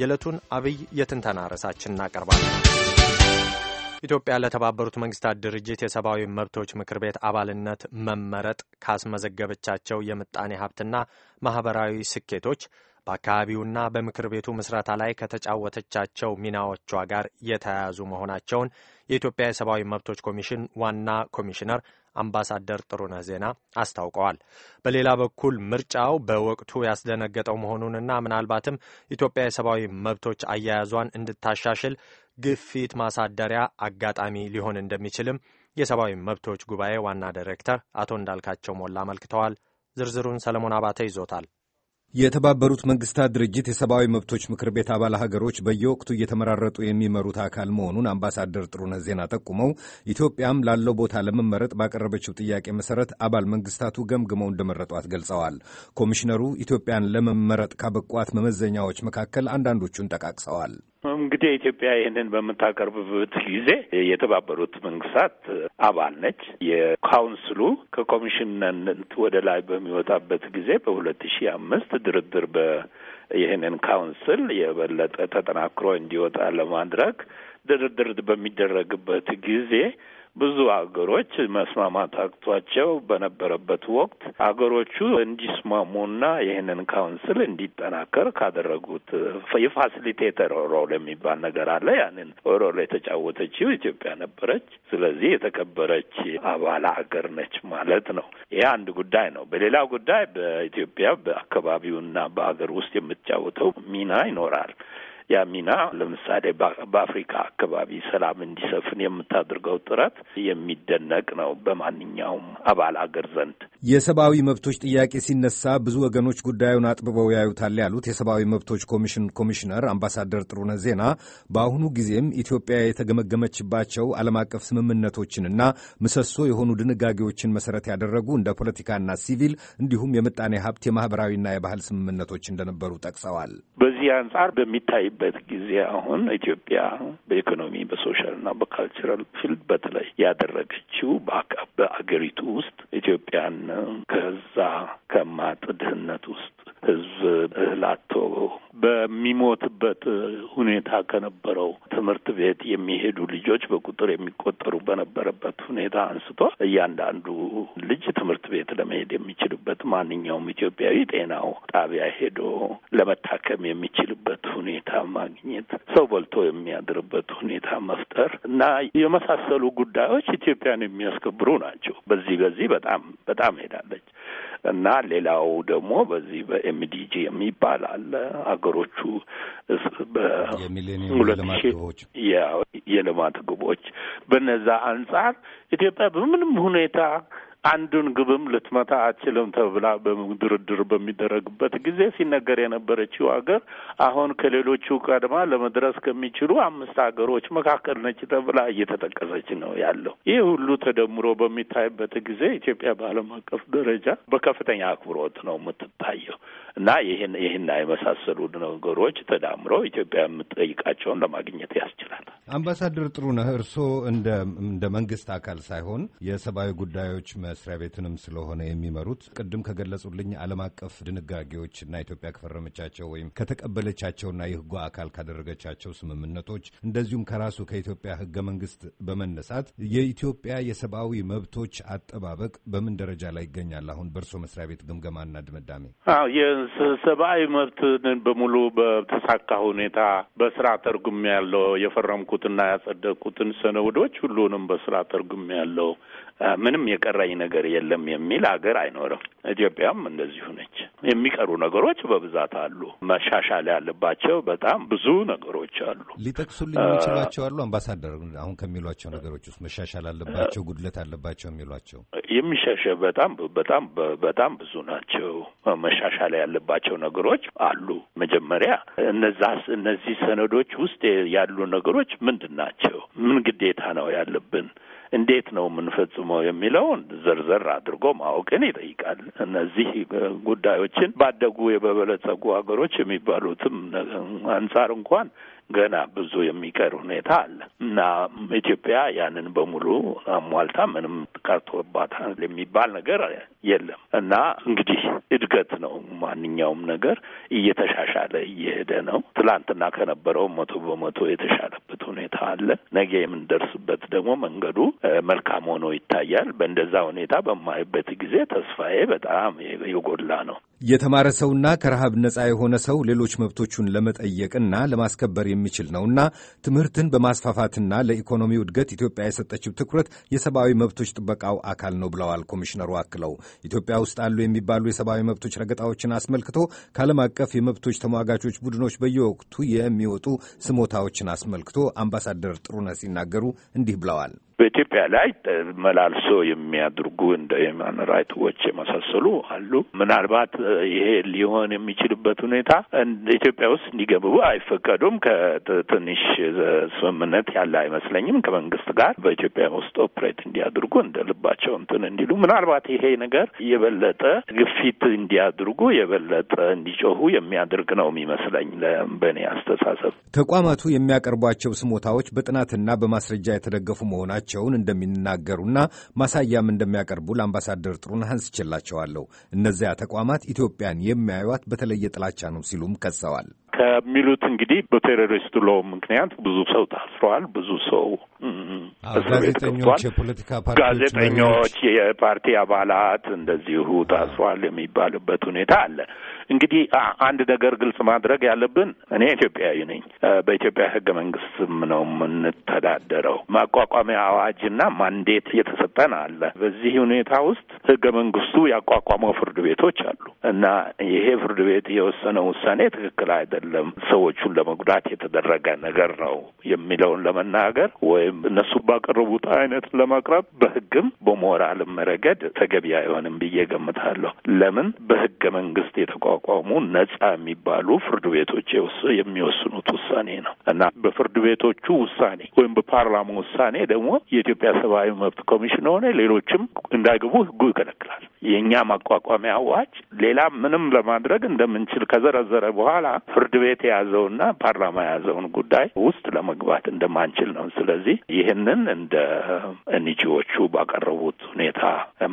የዕለቱን አብይ የትንተና ርዕሳችን እናቀርባለን። ኢትዮጵያ ለተባበሩት መንግስታት ድርጅት የሰብአዊ መብቶች ምክር ቤት አባልነት መመረጥ ካስመዘገበቻቸው የምጣኔ ሀብትና ማኅበራዊ ስኬቶች በአካባቢውና በምክር ቤቱ ምስረታ ላይ ከተጫወተቻቸው ሚናዎቿ ጋር የተያያዙ መሆናቸውን የኢትዮጵያ የሰብአዊ መብቶች ኮሚሽን ዋና ኮሚሽነር አምባሳደር ጥሩነህ ዜና አስታውቀዋል። በሌላ በኩል ምርጫው በወቅቱ ያስደነገጠው መሆኑንና ምናልባትም ኢትዮጵያ የሰብአዊ መብቶች አያያዟን እንድታሻሽል ግፊት ማሳደሪያ አጋጣሚ ሊሆን እንደሚችልም የሰብአዊ መብቶች ጉባኤ ዋና ዳይሬክተር አቶ እንዳልካቸው ሞላ አመልክተዋል። ዝርዝሩን ሰለሞን አባተ ይዞታል። የተባበሩት መንግስታት ድርጅት የሰብአዊ መብቶች ምክር ቤት አባል ሀገሮች በየወቅቱ እየተመራረጡ የሚመሩት አካል መሆኑን አምባሳደር ጥሩነ ዜና ጠቁመው ኢትዮጵያም ላለው ቦታ ለመመረጥ ባቀረበችው ጥያቄ መሰረት አባል መንግስታቱ ገምግመው እንደመረጧት ገልጸዋል። ኮሚሽነሩ ኢትዮጵያን ለመመረጥ ካበቋት መመዘኛዎች መካከል አንዳንዶቹን ጠቃቅሰዋል። እንግዲህ ኢትዮጵያ ይህንን በምታቀርብበት ጊዜ የተባበሩት መንግስታት አባል ነች። የካውንስሉ ከኮሚሽንነት ወደ ላይ በሚወጣበት ጊዜ በሁለት ሺህ አምስት ድርድር በ ይህንን ካውንስል የበለጠ ተጠናክሮ እንዲወጣ ለማድረግ ድርድር በሚደረግበት ጊዜ ብዙ አገሮች መስማማት አቅቷቸው በነበረበት ወቅት አገሮቹ እንዲስማሙና ይህንን ካውንስል እንዲጠናከር ካደረጉት የፋሲሊቴተር ሮል የሚባል ነገር አለ። ያንን ሮል የተጫወተችው ኢትዮጵያ ነበረች። ስለዚህ የተከበረች አባል ሀገር ነች ማለት ነው። ይህ አንድ ጉዳይ ነው። በሌላ ጉዳይ በኢትዮጵያ በአካባቢውና በሀገር ውስጥ የምትጫወተው ሚና ይኖራል። ያ ሚና ለምሳሌ በአፍሪካ አካባቢ ሰላም እንዲሰፍን የምታደርገው ጥረት የሚደነቅ ነው በማንኛውም አባል አገር ዘንድ። የሰብአዊ መብቶች ጥያቄ ሲነሳ ብዙ ወገኖች ጉዳዩን አጥብበው ያዩታል ያሉት የሰብአዊ መብቶች ኮሚሽን ኮሚሽነር አምባሳደር ጥሩነህ ዜና በአሁኑ ጊዜም ኢትዮጵያ የተገመገመችባቸው ዓለም አቀፍ ስምምነቶችንና ምሰሶ የሆኑ ድንጋጌዎችን መሰረት ያደረጉ እንደ ፖለቲካና ሲቪል እንዲሁም የምጣኔ ሀብት የማህበራዊና የባህል ስምምነቶች እንደነበሩ ጠቅሰዋል። በዚህ አንጻር በሚታይ በምናይበት ጊዜ አሁን ኢትዮጵያ በኢኮኖሚ በሶሻልና በካልቸራል ፊልድ በተለይ ያደረገችው በአገሪቱ ውስጥ ኢትዮጵያን ከዛ ከማጥ ድህነት ውስጥ ህዝብ እህል አጥቶ በሚሞትበት ሁኔታ ከነበረው ትምህርት ቤት የሚሄዱ ልጆች በቁጥር የሚቆጠሩ በነበረበት ሁኔታ አንስቶ እያንዳንዱ ልጅ ትምህርት ቤት ለመሄድ የሚችልበት ማንኛውም ኢትዮጵያዊ ጤናው ጣቢያ ሄዶ ለመታከም የሚችልበት ሁኔታ ማግኘት፣ ሰው በልቶ የሚያድርበት ሁኔታ መፍጠር እና የመሳሰሉ ጉዳዮች ኢትዮጵያን የሚያስከብሩ ናቸው። በዚህ በዚህ በጣም በጣም ሄዳለች። እና ሌላው ደግሞ በዚህ በኤምዲጂ የሚባል አለ አገሮቹ የልማት ግቦች በነዛ አንጻር ኢትዮጵያ በምንም ሁኔታ አንዱን ግብም ልትመታ አትችልም ተብላ ድርድር በሚደረግበት ጊዜ ሲነገር የነበረችው ሀገር አሁን ከሌሎቹ ቀድማ ለመድረስ ከሚችሉ አምስት ሀገሮች መካከል ነች ተብላ እየተጠቀሰች ነው ያለው። ይህ ሁሉ ተደምሮ በሚታይበት ጊዜ ኢትዮጵያ በዓለም አቀፍ ደረጃ በከፍተኛ አክብሮት ነው የምትታየው። እና ይህን ይህና የመሳሰሉ ነገሮች ተዳምሮ ኢትዮጵያ የምትጠይቃቸውን ለማግኘት ያስችላል። አምባሳደር ጥሩነህ እርስዎ እንደ እንደ መንግስት አካል ሳይሆን የሰብአዊ ጉዳዮች መስሪያ ቤትንም ስለሆነ የሚመሩት ቅድም ከገለጹልኝ ዓለም አቀፍ እና ኢትዮጵያ ከፈረመቻቸው ወይም ከተቀበለቻቸውና የህጉ አካል ካደረገቻቸው ስምምነቶች እንደዚሁም ከራሱ ከኢትዮጵያ ህገ መንግስት በመነሳት የኢትዮጵያ የሰብአዊ መብቶች አጠባበቅ በምን ደረጃ ላይ ይገኛል? አሁን በእርስዎ መስሪያ ቤት ግምገማና ድምዳሜ ሰብአዊ መብትን በሙሉ በተሳካ ሁኔታ በስራ ተርጉም ያለው የፈረምኩትና ያጸደቅኩትን ሰነዶች ሁሉንም በስራ ተርጉም ያለው ምንም የቀረኝ ነገር የለም የሚል ሀገር አይኖርም። ኢትዮጵያም እንደዚሁ ነች። የሚቀሩ ነገሮች በብዛት አሉ። መሻሻል ያለባቸው በጣም ብዙ ነገሮች አሉ። ሊጠቅሱልኝ የሚችሏቸው አሉ? አምባሳደር አሁን ከሚሏቸው ነገሮች ውስጥ መሻሻል አለባቸው፣ ጉድለት አለባቸው የሚሏቸው የሚሻሻል በጣም በጣም በጣም ብዙ ናቸው መሻሻል ያለ ያለባቸው ነገሮች አሉ። መጀመሪያ እነዛ እነዚህ ሰነዶች ውስጥ ያሉ ነገሮች ምንድን ናቸው? ምን ግዴታ ነው ያለብን እንዴት ነው የምንፈጽመው የሚለውን ዘርዘር አድርጎ ማወቅን ይጠይቃል። እነዚህ ጉዳዮችን ባደጉ የበበለጸጉ ሀገሮች የሚባሉትም አንጻር እንኳን ገና ብዙ የሚቀር ሁኔታ አለ እና ኢትዮጵያ ያንን በሙሉ አሟልታ ምንም ቀርቶባታል የሚባል ነገር የለም እና እንግዲህ እድገት ነው። ማንኛውም ነገር እየተሻሻለ እየሄደ ነው። ትላንትና ከነበረው መቶ በመቶ የተሻለበት ሁኔታ አለ። ነገ የምንደርስበት ደግሞ መንገዱ መልካም ሆኖ ይታያል። በእንደዛ ሁኔታ በማይበት ጊዜ ተስፋዬ በጣም የጎላ ነው። የተማረ ሰውና ከረሃብ ነፃ የሆነ ሰው ሌሎች መብቶቹን ለመጠየቅና ለማስከበር የሚችል ነውና ትምህርትን በማስፋፋትና ለኢኮኖሚው እድገት ኢትዮጵያ የሰጠችው ትኩረት የሰብአዊ መብቶች ጥበቃው አካል ነው ብለዋል ኮሚሽነሩ። አክለው ኢትዮጵያ ውስጥ አሉ የሚባሉ የሰብአዊ መብቶች ረገጣዎችን አስመልክቶ ከዓለም አቀፍ የመብቶች ተሟጋቾች ቡድኖች በየወቅቱ የሚወጡ ስሞታዎችን አስመልክቶ አምባሳደር ጥሩነህ ሲናገሩ እንዲህ ብለዋል። በኢትዮጵያ ላይ መላልሶ የሚያድርጉ እንደ ሂውማን ራይት ዎች የመሳሰሉ አሉ። ምናልባት ይሄ ሊሆን የሚችልበት ሁኔታ ኢትዮጵያ ውስጥ እንዲገቡ አይፈቀዱም። ከትንሽ ስምምነት ያለ አይመስለኝም ከመንግስት ጋር በኢትዮጵያ ውስጥ ኦፕሬት እንዲያድርጉ እንደ ልባቸው እንትን እንዲሉ ምናልባት ይሄ ነገር የበለጠ ግፊት እንዲያድርጉ የበለጠ እንዲጮሁ የሚያደርግ ነው የሚመስለኝ በእኔ አስተሳሰብ። ተቋማቱ የሚያቀርቧቸው ስሞታዎች በጥናትና በማስረጃ የተደገፉ መሆናቸው መሆናቸውን እንደሚናገሩና ማሳያም እንደሚያቀርቡ ለአምባሳደር ጥሩነህ አንስቼላቸዋለሁ። እነዚያ ተቋማት ኢትዮጵያን የሚያዩት በተለየ ጥላቻ ነው ሲሉም ከሰዋል። ከሚሉት እንግዲህ በቴሮሪስቱ ሎ ምክንያት ብዙ ሰው ታስሯል። ብዙ ሰው ጋዜጠኞች፣ የፖለቲካ ጋዜጠኞች፣ የፓርቲ አባላት እንደዚሁ ታስሯል የሚባልበት ሁኔታ አለ። እንግዲህ አንድ ነገር ግልጽ ማድረግ ያለብን እኔ ኢትዮጵያዊ ነኝ። በኢትዮጵያ ህገ መንግስትም ነው የምንተዳደረው። ማቋቋሚያ አዋጅና ማንዴት እየተሰጠን አለ። በዚህ ሁኔታ ውስጥ ህገ መንግስቱ ያቋቋመው ፍርድ ቤቶች አሉ እና ይሄ ፍርድ ቤት የወሰነው ውሳኔ ትክክል አይደለም፣ ሰዎቹን ለመጉዳት የተደረገ ነገር ነው የሚለውን ለመናገር ወይም እነሱ ባቀረቡት አይነት ለማቅረብ በህግም በሞራልም ረገድ ተገቢ አይሆንም ብዬ ገምታለሁ። ለምን በህገ መንግስት የተቋ እንዲቋቋሙ ነጻ የሚባሉ ፍርድ ቤቶች የሚወስኑት ውሳኔ ነው እና በፍርድ ቤቶቹ ውሳኔ ወይም በፓርላማ ውሳኔ ደግሞ የኢትዮጵያ ሰብአዊ መብት ኮሚሽን ሆነ ሌሎችም እንዳይገቡ ህጉ ይከለክላል። የእኛ ማቋቋሚያ አዋጅ ሌላ ምንም ለማድረግ እንደምንችል ከዘረዘረ በኋላ ፍርድ ቤት የያዘውና ፓርላማ የያዘውን ጉዳይ ውስጥ ለመግባት እንደማንችል ነው። ስለዚህ ይህንን እንደ እንጂዎቹ ባቀረቡት ሁኔታ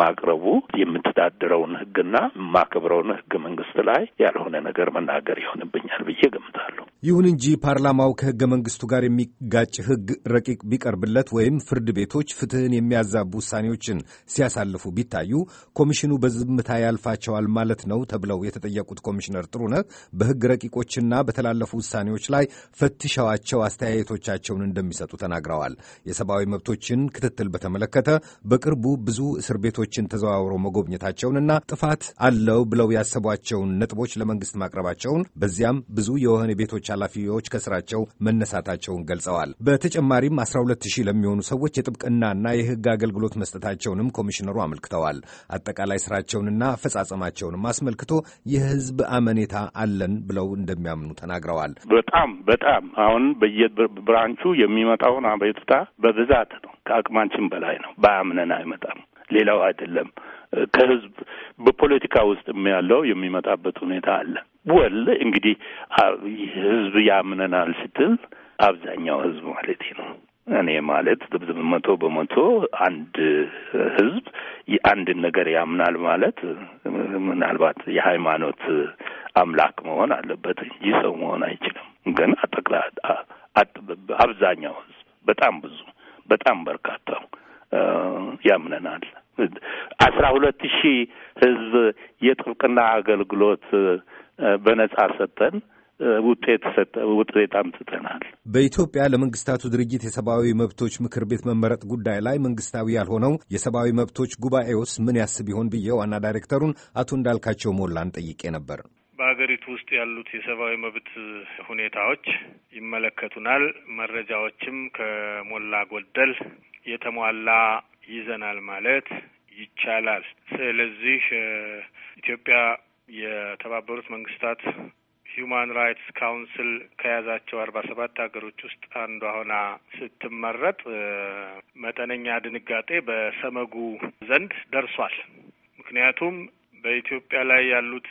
ማቅረቡ የምተዳድረውን ህግና የማከብረውን ህገ መንግስት ላይ ያልሆነ ነገር መናገር ይሆንብኛል ብዬ ገምታለሁ። ይሁን እንጂ ፓርላማው ከሕገ መንግሥቱ ጋር የሚጋጭ ሕግ ረቂቅ ቢቀርብለት ወይም ፍርድ ቤቶች ፍትሕን የሚያዛቡ ውሳኔዎችን ሲያሳልፉ ቢታዩ ኮሚሽኑ በዝምታ ያልፋቸዋል ማለት ነው ተብለው የተጠየቁት ኮሚሽነር ጥሩነህ በሕግ ረቂቆችና በተላለፉ ውሳኔዎች ላይ ፈትሸዋቸው አስተያየቶቻቸውን እንደሚሰጡ ተናግረዋል። የሰብአዊ መብቶችን ክትትል በተመለከተ በቅርቡ ብዙ እስር ቤቶችን ተዘዋውሮ መጎብኘታቸውንና ጥፋት አለው ብለው ያሰቧቸውን ነጥቦች ለመንግሥት ማቅረባቸውን በዚያም ብዙ የወህኒ ቤቶች ኃላፊዎች ከስራቸው መነሳታቸውን ገልጸዋል። በተጨማሪም 120 ሺህ ለሚሆኑ ሰዎች የጥብቅናና የህግ አገልግሎት መስጠታቸውንም ኮሚሽነሩ አመልክተዋል። አጠቃላይ ስራቸውንና አፈጻጸማቸውንም አስመልክቶ የህዝብ አመኔታ አለን ብለው እንደሚያምኑ ተናግረዋል። በጣም በጣም አሁን በየብራንቹ የሚመጣውን አቤቱታ በብዛት ነው። ከአቅማችን በላይ ነው። በአምነን አይመጣም። ሌላው አይደለም ከህዝብ በፖለቲካ ውስጥ ያለው የሚመጣበት ሁኔታ አለ። ወል እንግዲህ ህዝብ ያምነናል ስትል አብዛኛው ህዝብ ማለት ነው። እኔ ማለት መቶ በመቶ አንድ ህዝብ አንድን ነገር ያምናል ማለት ምናልባት የሃይማኖት አምላክ መሆን አለበት እንጂ ሰው መሆን አይችልም። ግን አጠቅላ አብዛኛው ህዝብ በጣም ብዙ በጣም በርካታው ያምነናል። አስራ ሁለት ሺህ ህዝብ የጥብቅና አገልግሎት በነጻ ሰጠን። ውጤት ሰጠ ውጤት አምጥተናል። በኢትዮጵያ ለመንግስታቱ ድርጅት የሰብአዊ መብቶች ምክር ቤት መመረጥ ጉዳይ ላይ መንግስታዊ ያልሆነው የሰብአዊ መብቶች ጉባኤውስ ምን ያስብ ይሆን ብዬ ዋና ዳይሬክተሩን አቶ እንዳልካቸው ሞላን ጠይቄ ነበር። በሀገሪቱ ውስጥ ያሉት የሰብአዊ መብት ሁኔታዎች ይመለከቱናል። መረጃዎችም ከሞላ ጎደል የተሟላ ይዘናል ማለት ይቻላል። ስለዚህ ኢትዮጵያ የተባበሩት መንግስታት ሂዩማን ራይትስ ካውንስል ከያዛቸው አርባ ሰባት ሀገሮች ውስጥ አንዷ ሆና ስትመረጥ መጠነኛ ድንጋጤ በሰመጉ ዘንድ ደርሷል። ምክንያቱም በኢትዮጵያ ላይ ያሉት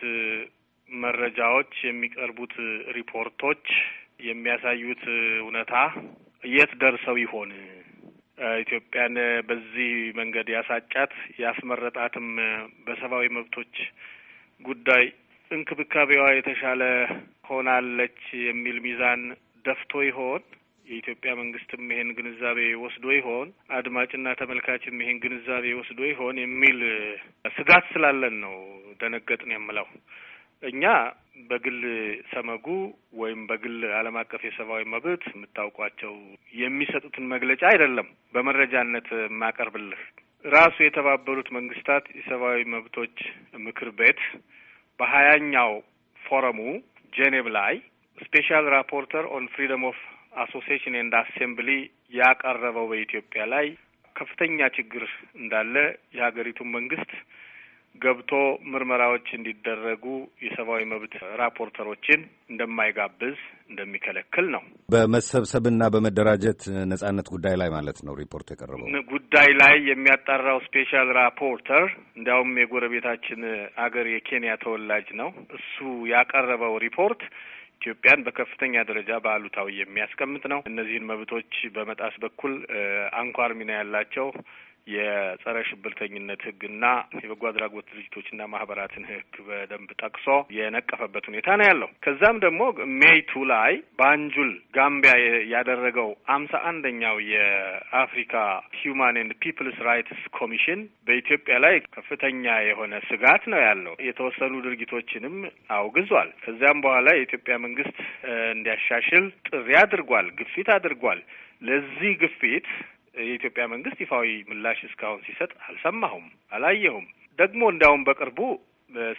መረጃዎች፣ የሚቀርቡት ሪፖርቶች የሚያሳዩት እውነታ የት ደርሰው ይሆን? ኢትዮጵያን በዚህ መንገድ ያሳጫት ያስመረጣትም በሰብአዊ መብቶች ጉዳይ እንክብካቤዋ የተሻለ ሆናለች የሚል ሚዛን ደፍቶ ይሆን? የኢትዮጵያ መንግስትም ይሄን ግንዛቤ ወስዶ ይሆን? አድማጭና ተመልካችም ይሄን ግንዛቤ ወስዶ ይሆን የሚል ስጋት ስላለን ነው ደነገጥን የምለው። እኛ በግል ሰመጉ ወይም በግል ዓለም አቀፍ የሰብአዊ መብት የምታውቋቸው የሚሰጡትን መግለጫ አይደለም በመረጃነት የማቀርብልህ ራሱ የተባበሩት መንግስታት የሰብአዊ መብቶች ምክር ቤት በሀያኛው ፎረሙ ጄኔቭ ላይ ስፔሻል ራፖርተር ኦን ፍሪደም ኦፍ አሶሲሽን ኤንድ አሴምብሊ ያቀረበው በኢትዮጵያ ላይ ከፍተኛ ችግር እንዳለ የሀገሪቱን መንግስት ገብቶ ምርመራዎች እንዲደረጉ የሰብአዊ መብት ራፖርተሮችን እንደማይጋብዝ እንደሚከለክል ነው። በመሰብሰብና በመደራጀት ነጻነት ጉዳይ ላይ ማለት ነው ሪፖርት የቀረበው ጉዳይ ላይ የሚያጣራው ስፔሻል ራፖርተር እንዲያውም የጎረቤታችን አገር የኬንያ ተወላጅ ነው። እሱ ያቀረበው ሪፖርት ኢትዮጵያን በከፍተኛ ደረጃ በአሉታዊ የሚያስቀምጥ ነው። እነዚህን መብቶች በመጣስ በኩል አንኳር ሚና ያላቸው የጸረ ሽብርተኝነት ህግና የበጎ አድራጎት ድርጅቶችና ማህበራትን ህግ በደንብ ጠቅሶ የነቀፈበት ሁኔታ ነው ያለው። ከዛም ደግሞ ሜይቱ ላይ ባንጁል ጋምቢያ ያደረገው አምሳ አንደኛው የአፍሪካ ሂውማን ኤንድ ፒፕልስ ራይትስ ኮሚሽን በኢትዮጵያ ላይ ከፍተኛ የሆነ ስጋት ነው ያለው። የተወሰኑ ድርጊቶችንም አውግዟል። ከዚያም በኋላ የኢትዮጵያ መንግስት እንዲያሻሽል ጥሪ አድርጓል፣ ግፊት አድርጓል። ለዚህ ግፊት የኢትዮጵያ መንግስት ይፋዊ ምላሽ እስካሁን ሲሰጥ አልሰማሁም፣ አላየሁም። ደግሞ እንዲያውም በቅርቡ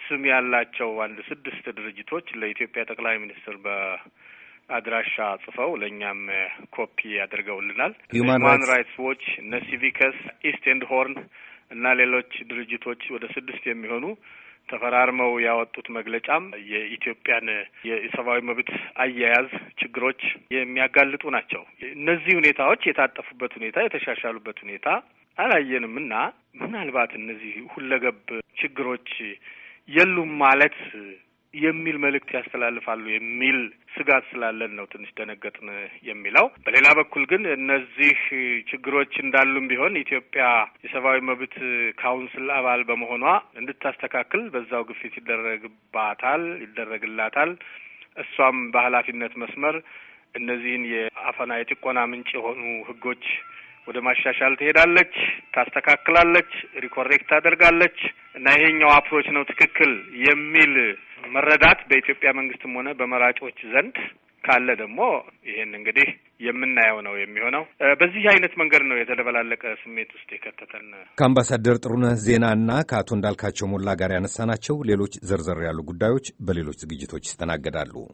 ስም ያላቸው አንድ ስድስት ድርጅቶች ለኢትዮጵያ ጠቅላይ ሚኒስትር በአድራሻ ጽፈው ለእኛም ኮፒ አድርገውልናል። ሁማን ራይትስ ዎች፣ እነ ሲቪከስ፣ ኢስት ኤንድ ሆርን እና ሌሎች ድርጅቶች ወደ ስድስት የሚሆኑ ተፈራርመው ያወጡት መግለጫም የኢትዮጵያን የሰብአዊ መብት አያያዝ ችግሮች የሚያጋልጡ ናቸው። እነዚህ ሁኔታዎች የታጠፉበት ሁኔታ፣ የተሻሻሉበት ሁኔታ አላየንም እና ምናልባት እነዚህ ሁለገብ ችግሮች የሉም ማለት የሚል መልእክት ያስተላልፋሉ የሚል ስጋት ስላለን ነው ትንሽ ደነገጥን የሚለው። በሌላ በኩል ግን እነዚህ ችግሮች እንዳሉም ቢሆን ኢትዮጵያ የሰብአዊ መብት ካውንስል አባል በመሆኗ እንድታስተካክል በዛው ግፊት ይደረግባታል ይደረግላታል። እሷም በኃላፊነት መስመር እነዚህን የአፈና የጭቆና ምንጭ የሆኑ ህጎች ወደ ማሻሻል ትሄዳለች፣ ታስተካክላለች፣ ሪኮሬክት ታደርጋለች እና ይሄኛው አፕሮች ነው ትክክል የሚል መረዳት በኢትዮጵያ መንግስትም ሆነ በመራጮች ዘንድ ካለ ደግሞ ይሄን እንግዲህ የምናየው ነው የሚሆነው። በዚህ አይነት መንገድ ነው የተደበላለቀ ስሜት ውስጥ የከተተን። ከአምባሳደር ጥሩነህ ዜናና ከአቶ እንዳልካቸው ሞላ ጋር ያነሳናቸው ሌሎች ዘርዘር ያሉ ጉዳዮች በሌሎች ዝግጅቶች ይስተናገዳሉ።